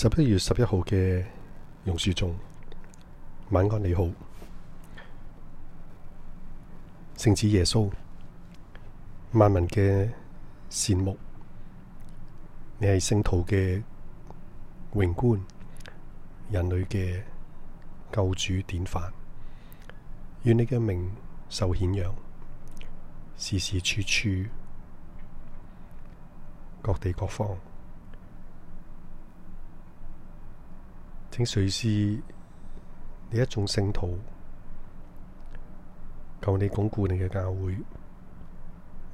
十一月十一號嘅榕樹中，晚安你好，聖子耶穌，萬民嘅羨慕，你係聖徒嘅榮冠，人類嘅救主典範，願你嘅名受顯揚，時時處處，各地各方。請垂視你一眾聖徒，求你鞏固你嘅教會，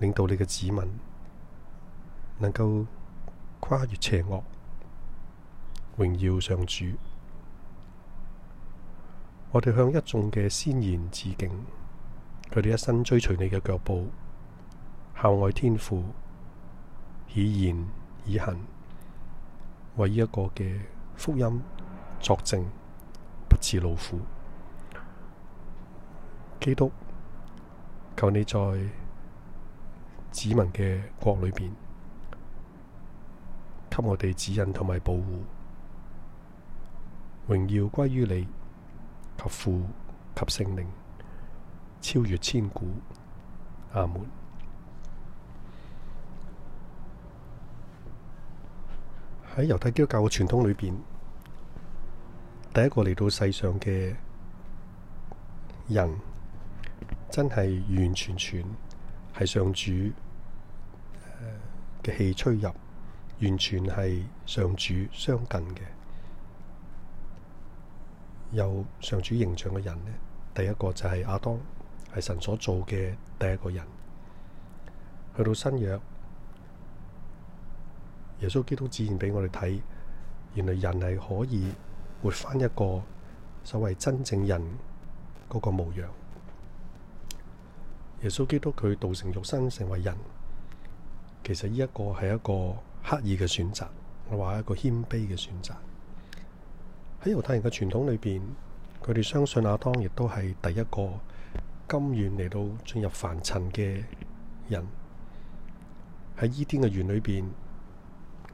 領導你嘅子民，能夠跨越邪惡，榮耀上主。我哋向一眾嘅先賢致敬，佢哋一生追隨你嘅腳步，孝愛天父，以言以行為一個嘅福音。作證不辭勞苦，基督求你，在子民嘅國裏邊，給我哋指引同埋保護，榮耀歸於你及父及聖靈，超越千古。阿門。喺猶太基督教嘅傳統裏邊。第一個嚟到世上嘅人，真係完全全係上主嘅氣吹入，完全係上主相近嘅，有上主形象嘅人呢，第一個就係亞當，係神所做嘅第一個人。去到新約，耶穌基督展現畀我哋睇，原來人係可以。活翻一個所謂真正人嗰個模樣。耶穌基督佢道成肉身成為人，其實呢一個係一個刻意嘅選擇，我話一個謙卑嘅選擇。喺猶太人嘅傳統裏邊，佢哋相信亞當亦都係第一個甘願嚟到進入凡塵嘅人。喺伊甸嘅園裏邊，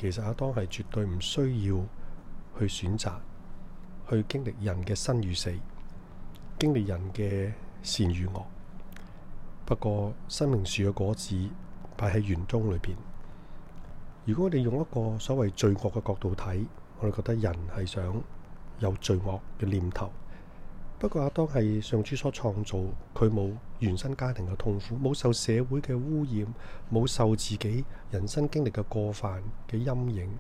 其實亞當係絕對唔需要去選擇。去經歷人嘅生與死，經歷人嘅善與惡。不過生命樹嘅果子擺喺園中裏邊。如果我哋用一個所謂罪惡嘅角度睇，我哋覺得人係想有罪惡嘅念頭。不過亞當係上主所創造，佢冇原生家庭嘅痛苦，冇受社會嘅污染，冇受自己人生經歷嘅過犯嘅陰影。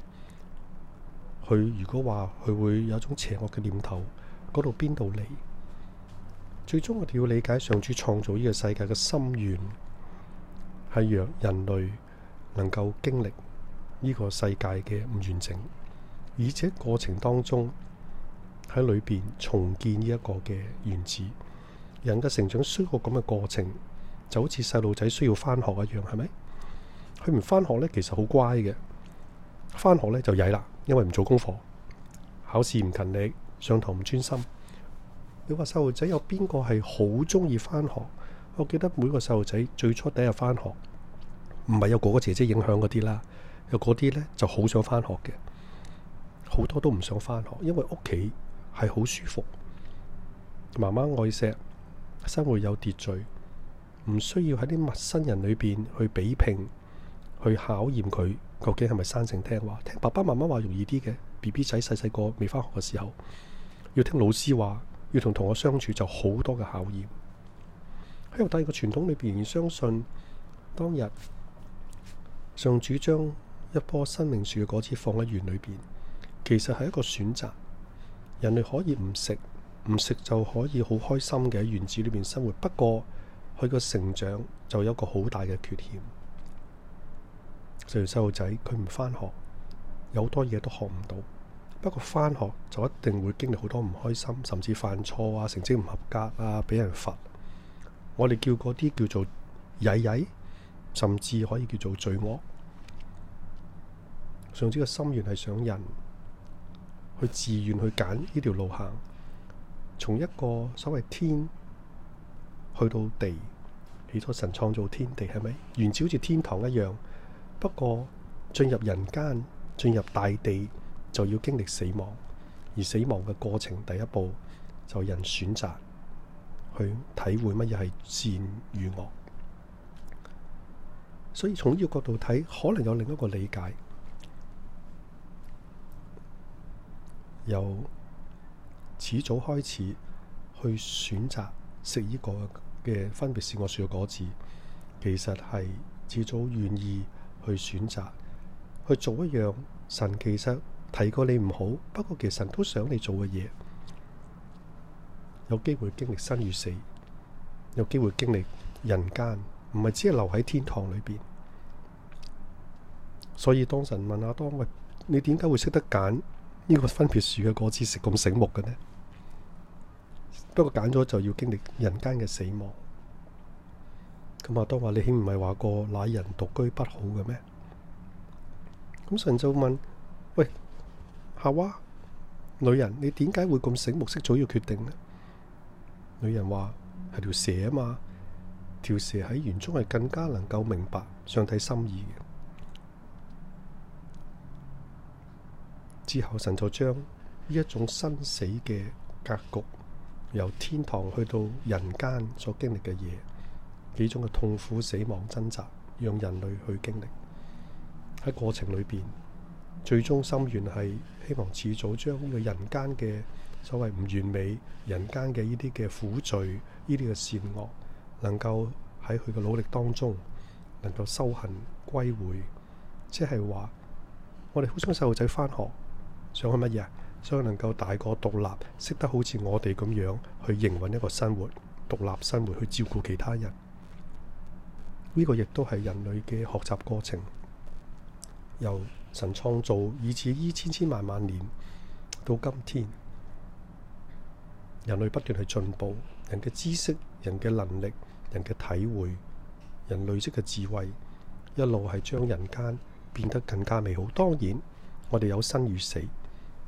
佢如果話佢會有一種邪惡嘅念頭，嗰度邊度嚟？最終我哋要理解上主創造呢個世界嘅心願，係讓人類能夠經歷呢個世界嘅唔完整，而且過程當中喺裏邊重建呢一個嘅原子。人嘅成長需要咁嘅過程，就好似細路仔需要翻學一樣，係咪？佢唔翻學呢，其實好乖嘅；翻學呢，就曳啦。因為唔做功課，考試唔勤力，上堂唔專心。你話細路仔有邊個係好鍾意返學？我記得每個細路仔最初第一日返學，唔係有哥哥姐姐影響嗰啲啦，有嗰啲呢就好想返學嘅，好多都唔想返學，因為屋企係好舒服，媽媽愛錫，生活有秩序，唔需要喺啲陌生人裏邊去比拼，去考驗佢。究竟係咪生性聽話？聽爸爸媽媽話容易啲嘅，B B 仔細細個未返學嘅時候，要聽老師話，要同同學相處就好多嘅考驗。喺我第二個傳統裏邊，相信當日上主將一棵生命樹嘅果子放喺園裏邊，其實係一個選擇。人類可以唔食，唔食就可以好開心嘅喺園子裏邊生活。不過佢個成長就有一個好大嘅缺陷。就連細路仔佢唔返學，有好多嘢都學唔到。不過返學就一定會經歷好多唔開心，甚至犯錯啊，成績唔合格啊，畀人罰。我哋叫嗰啲叫做曳曳，甚至可以叫做罪惡。上主嘅心願係想人去自願去揀呢條路行，從一個所謂天去到地，起初神創造天地係咪？原子好似天堂一樣。不過進入人間、進入大地，就要經歷死亡。而死亡嘅過程，第一步就人選擇去體會乜嘢係善與惡。所以從呢個角度睇，可能有另一個理解，由始祖開始去選擇食呢個嘅分別善惡樹嘅果子，其實係始祖願意。去選擇去做一樣，神其實提過你唔好，不過其實都想你做嘅嘢，有機會經歷生與死，有機會經歷人間，唔係只係留喺天堂裏邊。所以當神問阿當：喂，你點解會識得揀呢個分別樹嘅果子食咁醒目嘅呢？不過揀咗就要經歷人間嘅死亡。咁阿當話：你豈唔係話過乃人獨居不好嘅咩？咁神就問：喂，夏娃，女人，你點解會咁醒目識早要決定呢？女人話：係條蛇啊嘛，條蛇喺園中係更加能夠明白上帝心意嘅。之後神就將呢一種生死嘅格局，由天堂去到人間所經歷嘅嘢。幾種嘅痛苦、死亡、掙扎，讓人類去經歷喺過程裏邊，最終心願係希望遲早將佢人間嘅所謂唔完美、人間嘅呢啲嘅苦罪，呢啲嘅善惡，能夠喺佢嘅努力當中，能夠修行歸回。即係話，我哋好想細路仔返學，想去乜嘢啊？想去能夠大個獨立，識得好似我哋咁樣去營運一個生活、獨立生活，去照顧其他人。呢個亦都係人類嘅學習過程，由神創造，以至於千千萬萬年到今天，人類不斷去進步，人嘅知識、人嘅能力、人嘅體會、人類式嘅智慧，一路係將人間變得更加美好。當然，我哋有生與死，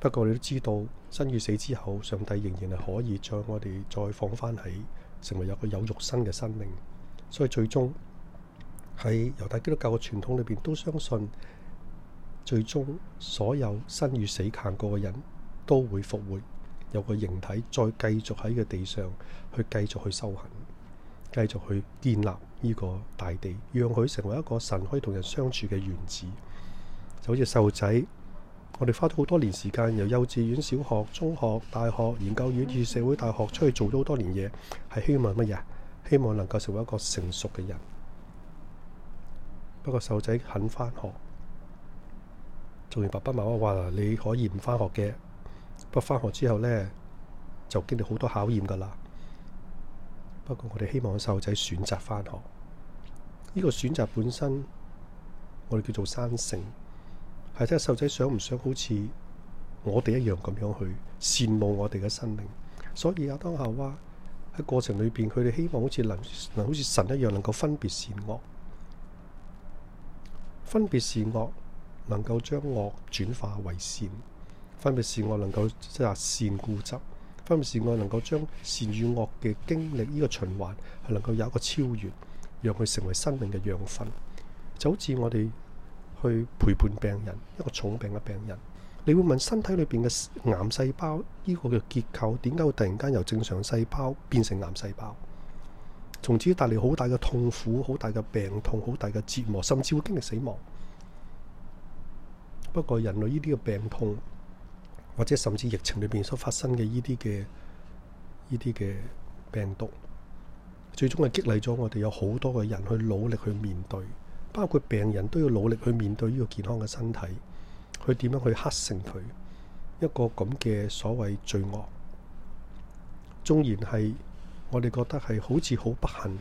不過你都知道，生與死之後，上帝仍然係可以將我哋再放翻起，成為有個有肉身嘅生命，所以最終。喺猶太基督教嘅傳統裏邊，都相信最終所有生與死行過嘅人都會復活，有個形體再繼續喺個地上去繼續去修行，繼續去建立呢個大地，讓佢成為一個神可以同人相處嘅原子。就好似細路仔，我哋花咗好多年時間，由幼稚園、小學、中學、大學、研究院與社會大學出去做咗好多年嘢，係希望乜嘢？希望能夠成為一個成熟嘅人。不過，細仔肯翻學，做完爸爸媽媽話：你可以唔翻學嘅。不過翻學之後呢，就經歷好多考驗噶啦。不過，我哋希望細仔選擇翻學。呢個選擇本身，我哋叫做生性，係睇細仔想唔想好似我哋一樣咁樣去羨慕我哋嘅生命。所以啊，亞當夏娃，喺過程裏邊，佢哋希望好似能能好似神一樣，能夠分別善惡。分別是惡，能夠將惡轉化為善；分別是惡，能夠即係善固執；分別是惡，能夠將善與惡嘅經歷呢個循環，係能夠有一個超越，讓佢成為生命嘅養分。就好似我哋去陪伴病人，一個重病嘅病人，你會問身體裏邊嘅癌細胞呢個嘅結構點解會突然間由正常細胞變成癌細胞？從此帶嚟好大嘅痛苦、好大嘅病痛、好大嘅折磨，甚至會經歷死亡。不過人類呢啲嘅病痛，或者甚至疫情裏邊所發生嘅呢啲嘅呢啲嘅病毒，最終係激勵咗我哋有好多嘅人去努力去面對，包括病人都要努力去面對呢個健康嘅身體，去點樣去克勝佢一個咁嘅所謂罪惡，縱然係。我哋覺得係好似好不幸，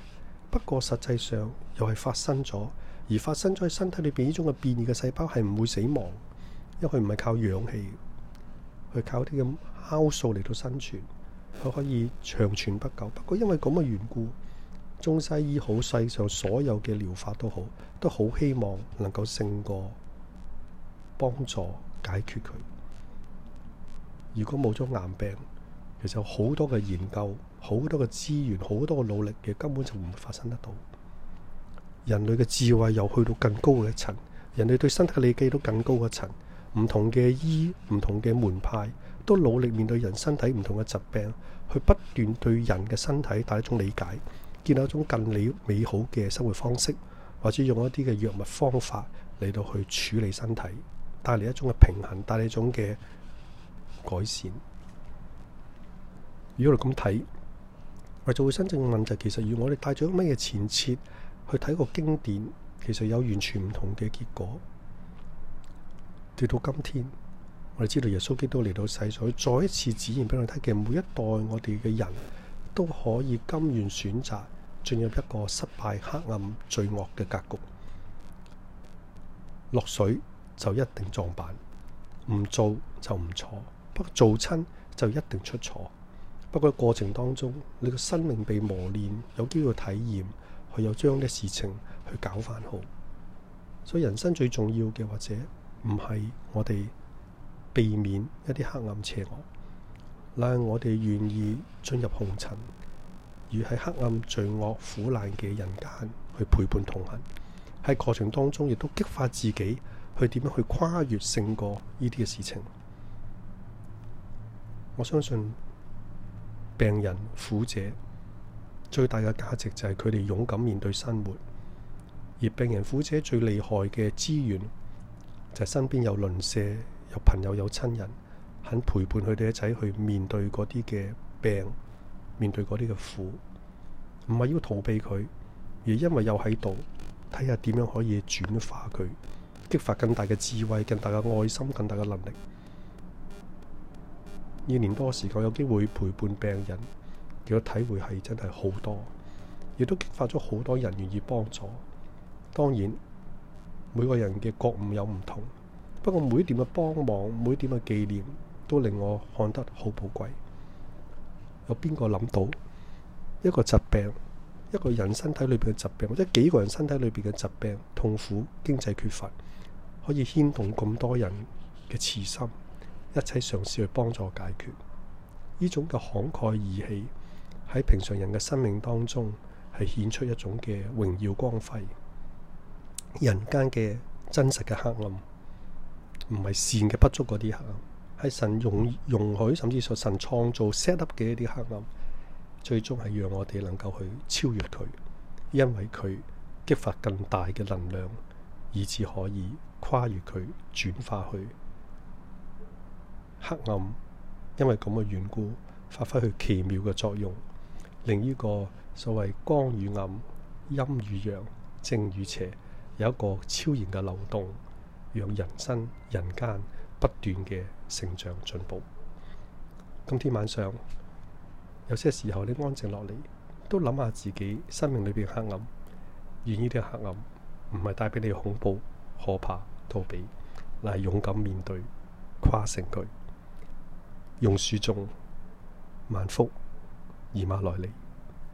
不過實際上又係發生咗，而發生咗喺身體裏邊呢種嘅變異嘅細胞係唔會死亡，因為佢唔係靠氧氣，佢靠啲咁酵素嚟到生存，佢可以長存不夠。不過因為咁嘅緣故，中西醫好，世上所有嘅療法都好，都好希望能夠勝過幫助解決佢。如果冇咗癌病，其實好多嘅研究。好多嘅資源，好多嘅努力，其根本就唔會發生得到。人類嘅智慧又去到更高嘅層，人類對身體嘅理解都更高嘅層。唔同嘅醫，唔同嘅門派都努力面對人身體唔同嘅疾病，去不斷對人嘅身體帶一種理解，建立一種更美美好嘅生活方式，或者用一啲嘅藥物方法嚟到去處理身體，帶嚟一種嘅平衡，帶嚟一種嘅改善。如果我哋咁睇。就會真正問題，其實如我哋帶咗乜嘢前設去睇個經典，其實有完全唔同嘅結果。直到今天，我哋知道耶穌基督嚟到世上，再一次指言俾我睇嘅：「每一代我哋嘅人都可以甘願選擇進入一個失敗、黑暗、罪惡嘅格局。落水就一定撞板，唔做就唔錯，不過做親就一定出錯。不過過程當中，你個生命被磨練，有機會體驗，佢有將嘅事情去搞翻好。所以人生最重要嘅，或者唔係我哋避免一啲黑暗邪惡，但係我哋願意進入紅塵，而喺黑暗罪惡苦難嘅人間去陪伴同行。喺過程當中，亦都激發自己去點樣去跨越勝過呢啲嘅事情。我相信。病人苦者最大嘅價值就係佢哋勇敢面對生活，而病人苦者最厲害嘅資源就係身邊有鄰舍、有朋友、有親人，肯陪伴佢哋一齊去面對嗰啲嘅病，面對嗰啲嘅苦，唔係要逃避佢，而因為又喺度，睇下點樣可以轉化佢，激發更大嘅智慧、更大嘅愛心、更大嘅能力。二年多嘅時間，有機會陪伴病人，嘅體會係真係好多，亦都激發咗好多人願意幫助。當然，每個人嘅覺悟有唔同，不過每點嘅幫忙，每點嘅紀念，都令我看得好寶貴。有邊個諗到一個疾病，一個人身體裏邊嘅疾病，或者幾個人身體裏邊嘅疾病，痛苦、經濟缺乏，可以牽動咁多人嘅慈心？一切嘗試去幫助解決，呢種嘅慷慨義氣喺平常人嘅生命當中，係顯出一種嘅榮耀光輝。人間嘅真實嘅黑暗，唔係善嘅不足嗰啲黑暗，係神容容許甚至乎神創造 set up 嘅一啲黑暗，最終係讓我哋能夠去超越佢，因為佢激發更大嘅能量，以至可以跨越佢轉化去。黑暗，因為咁嘅緣故，發揮佢奇妙嘅作用，令呢個所謂光與暗、陰與陽、正與邪，有一個超然嘅流動，讓人生人間不斷嘅成長進步。今天晚上，有些時候你安靜落嚟，都諗下自己生命裏邊黑暗，願呢啲黑暗唔係帶俾你恐怖、可怕、逃避，而係勇敢面對，跨成佢。榕樹中，萬福姨媽來臨。